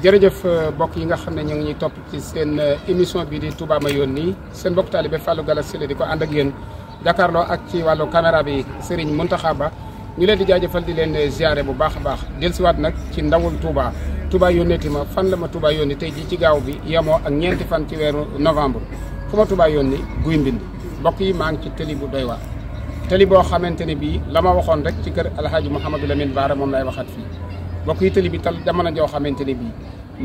jërëjëf euh, mbokk yi nga xam ne ñu ngi ñuy topp ci seen euh, émission bi di Touba ma yónni seen mbokk taalibe Fallou Galass Syll di ko ànd a yéen jàkkaarloo ak ci wàllu caméra bi Serigne Mountakha Ba ñu leen di jaajëfal di leen euh, ziare bu baax a baax dellusiwaat nag ci ndawul Touba Touba yónneeti ma fan la ma Touba yónni tey jii ci gaaw bi yamoo ak ñeenti fan ci weeru novembre fu ma Touba yónni guy mbind mbokk yi maa ngi ci tëli bu doy waar tëli boo xamante ne bii la ma waxoon rek ci kër alhaaji Mouhamadou Lamine Baara moom lay waxaat fii mbokk yi tëli bi tal jamono joo xamante ne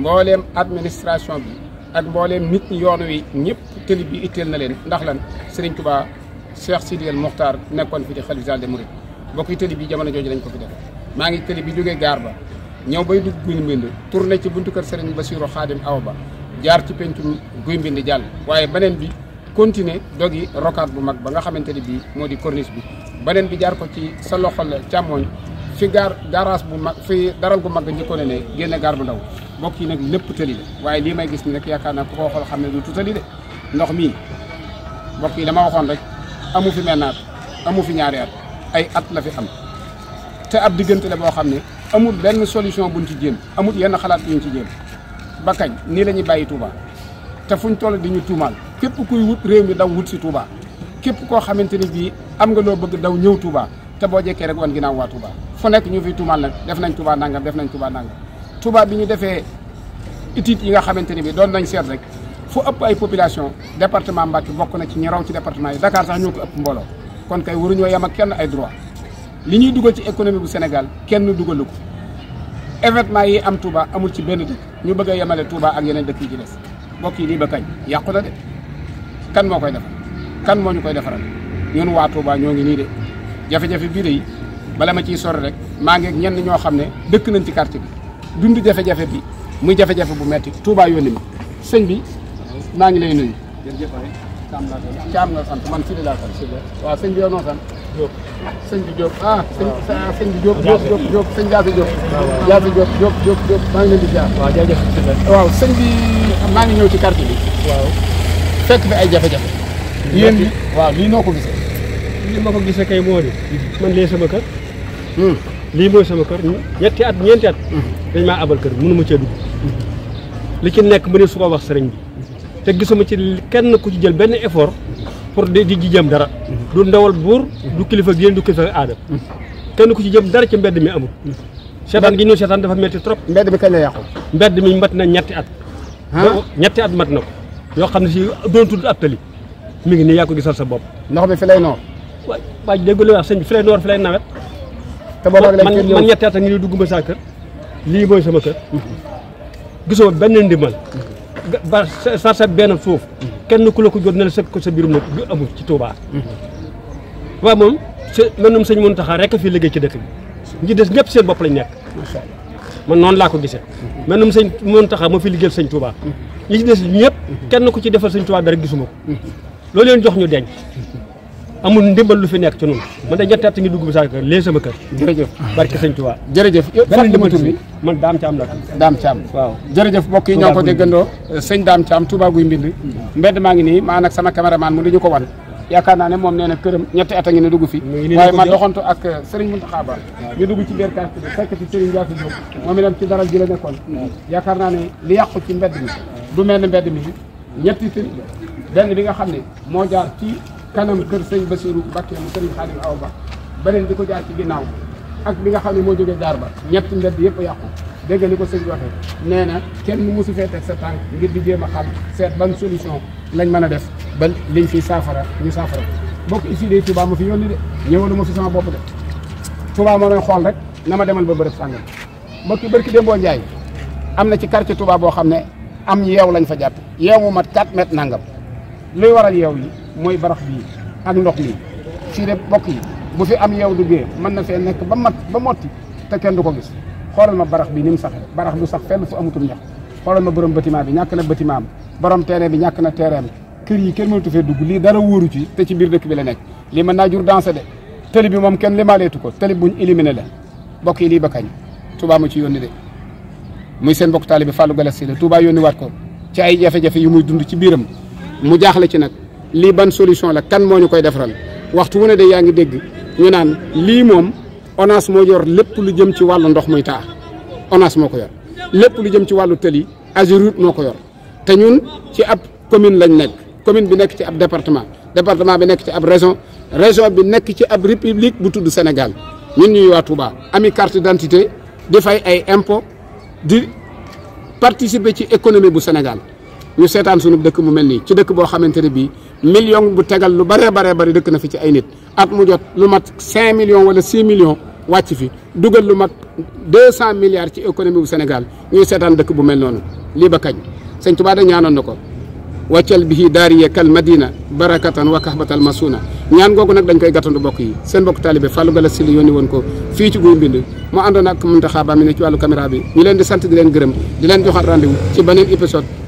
mbooleem administration bi ak mbooleem nit ñi yoon wi ñëpp tëli bi itteel na leen ndax lan Serigne Touba Cheikh Sidi El Mokhtar nekkoon fi di xalifa général des yi tëli bi jamono jooju lañ ko fi def maa ngi tëli bi jógee gaar ba ñëw bay dugg guy mbind tourné ci buntu kër Serigne Bassirou Khadim Awa Ba jaar ci pencum guy mbind jàll waaye beneen bi continuer dog yi rocade bu mag ba nga xamante ni bii moo di corniche bi beneen bi jaar ko ci sa loxol càmmooñ fi gaar garage bu mag fi daral gu mag njëkkoon ne génne gaar bu ndaw mbokk yi nag lépp tëli la waaye lii may gis ni nag yaakaar naa ku ko xool xam ne du tutali de ndox mii mbokk yi dama waxoon rek amu fi mennaat amu fi ñaari at ay at la fi am te ab diggante la boo xam ne amul benn solution buñ ci jéem amul yenn xalaat yuñ ci jéem bakañ nii la ñuy bàyyi te fuñ toll di ñu tuumaal képp kuy wut réew mi daw wut si Touba képp koo xamante ni bii am nga loo bëgg daw ñëw Touba te boo jekkee rek wan ginnaaw waa Touba nekk ñu fi nag def nañ Touba nangam def nañ Touba nangam Touba bi ñu defee études yi nga xamante ne bi doon nañ seet rek foo ëpp ay population département Mbacké bokk na ci ñi ci département yi Dakar sax ñoo ko ëpp mbooloo kon kay waruñoo yem ak kenn ay droit li ñuy dugal ci économie bu Sénégal kenn dugalu ko événement yi am Touba amul ci benn ñu bëgg a yemale Touba ak yeneen dëkk yi ci des mbokk yi lii ba kañ yàqu na de kan moo koy defar kan moo ñu koy defaral ñun waa Touba ñoo ngi nii de jafe-jafe bii de bala ma ciy sori rek maa ngi ñenn ñoo xam ne dëkk nañ ci quartier bi. dund jafe-jafe bi muy jafe-jafe bu metti Touba yónni mi sëñ bi maa ngi lay nuyu. jërëjëf waay Thiam laa sant sant man Sidi laa sant. waaw sëñ bi yow noo sant. Diop sëñ bi Diop ah. waaw sëñ bi Diop Diop Diop sëñ Dia Sy Diop. waaw Dia Sy maa ngi leen di ziar. waaw jërëjëf waaw sëñ maa ngi ñëw ci quartier bi. fekk fi ay jafe-jafe. yéen bi waaw lii noo ko gisee. li ma ko gisee kay moo di. man lee sama kër. Hmm. lii mooy sama kër ñetti at ñeenti at. Hmm. dañ maa abal kër mënu ma cee dugg li ci nekk mu ne su ko wax sëriñ bi te gisuma ci kenn ku ci jël benn effort pour di di jëm dara du ndawal buur du kilifa génn du kilifa aada kenn ku ci jëm dara ci mbedd mi amul seetaan gi ñu seetaan dafa metti trop mbedd mi kañ la yàqu mbedd mi mat na ñetti at ñetti at mat na ko yoo xam ne si doon tudd mi ngi nii yaa gisal sa bopp ndox mi fi lay noor waay waay dégg li wax sëñ bi fi lay noor fi nawet man ñetti at a ngi dugg ma saa kër lii mooy sama kër gisoo benn ndimbal ba sar sa benn foofu kenn ku la ko jot ne la sa sa biirum nag du amul ci Touba waaw moom se s man sëñ Mountakha rek fii liggéey ci dëkk bi ñi des ñëpp seen bopp lañ nekk man noonu laa ko gisee man nam sëñ Mountakha moo fi liggéeyal sëñ Touba ñi des ñëpp kenn ku ci defal sëñ Touba dara gisuma ko loolu leen jox ñu denc amul ndimbal lu fi nekk ci noonu man de ñetti at ngi dugg bi sa kër léegi sama kër jërëjëf barke sëñ Tuubaa jërëjëf fàttali ma tur bi man waaw jërëjëf mbokk yi ñoo ko déggandoo sëñ Daam Caam Touba guy mbind mbedd maa ngi nii maa nag sama caméraman mu di ko wan yaakaar naa ne moom nee na këram ñetti at a ngi ne dugg fi waaye ma doxantu ak Serigne Mountakha Ba ñu dugg ci biir quartier bi fekk fi Serigne Ndiaye Diop moom itam ci daral ji la nekkoon yaakaar naa ne li yàqu ci mbedd mi du mel mbedd mi ñetti benn bi nga xam ne moo jaar ci kanam kër sëñ Basiru Mbàkke mu sëriñ Xaadim Awa Ba beneen bi ko jaar ci ginnaaw ak bi nga xam ne moo jógee jaar ba ñett mbedd yëpp yàqu dégg ni ko sëñ bi waxee nee na kenn mosu fee teg sa tànk ngir di jéem a xam seet ban solution lañ mën a def ba liñ fi saafara ñu saafara bokk ici de Touba ma fi yónni de ñëwalu ma fi sama bopp de Touba ma doon xool rek na ma demal ba bërëb sàngam mbokki bërki Dembo Ndiaye am na ci quartier Touba boo xam ne am yeew lañ fa jàpp yeew mu mat 4 nangam luy waral yeew yi mooy barax bii ak ndox mi fii de bokk yi bu fi am yeew duggee mën na fee nekk ba mat ba motti te kenn du ko gis xoolal ma barax bi ni mu saxee barax bi sax fenn fu amutum ñax xoolal ma borom bâtiment bi ñàkk na bâtiment am borom terrain bi ñàkk na terrain am kër yi kenn mënatu fee dugg lii dara wóoru ci te ci biir dëkk bi la nekk lii mën naa jur danse de tëli bi moom kenn limaaleetu ko tëli buñ éliminé la bokk yi lii ba kañ Touba mu ci yónni de muy seen bokk taalibe Fallou Galass la Touba yónni waat ko ci ay jafe-jafe muy dund ci biiram mu jaaxle ci nag lii ban solution la kan moo ñu koy defaral waxtu wu ne de yaa ngi dégg ñu naan lii moom ONAS moo yor lépp lu jëm ci wàllu ndox muy taa ONAS moo ko yor lépp lu jëm ci wàllu tëli AGEROUTE moo ko yor te ñun ci ab commune lañ nekk commune bi nekk ci ab département département bi nekk ci ab région région bi nekk ci ab république bu tudd Sénégal ñun ñuy waa Touba ami carte d'identité di fay ay impôt di participer ci économie bu Sénégal ñu seetaan sunu dëkk mu mel nii ci dëkk boo xamante ne bii million bu tegal lu baree baree bari dëkk na fi ci ay nit at mu jot lu mat cinq million wala six million wàcc fi dugal lu mat deux cent milliards ci économie bu senegal ñuy seetaan dëkk bu mel noonu lii ba kañ sëñ Tuubaa da ñaanoon na ko wàccal bihi daariye kal madina barakatan wa kahbatal masuna ñaan googu nag dañ koy gàttandu bokk yi seen bokk taalibe Fallou Galass Syll yónni woon ko fii ci guy mbind ci wàllu caméra bi ñu leen di sant di leen gërëm di leen joxaat rendez beneen épisode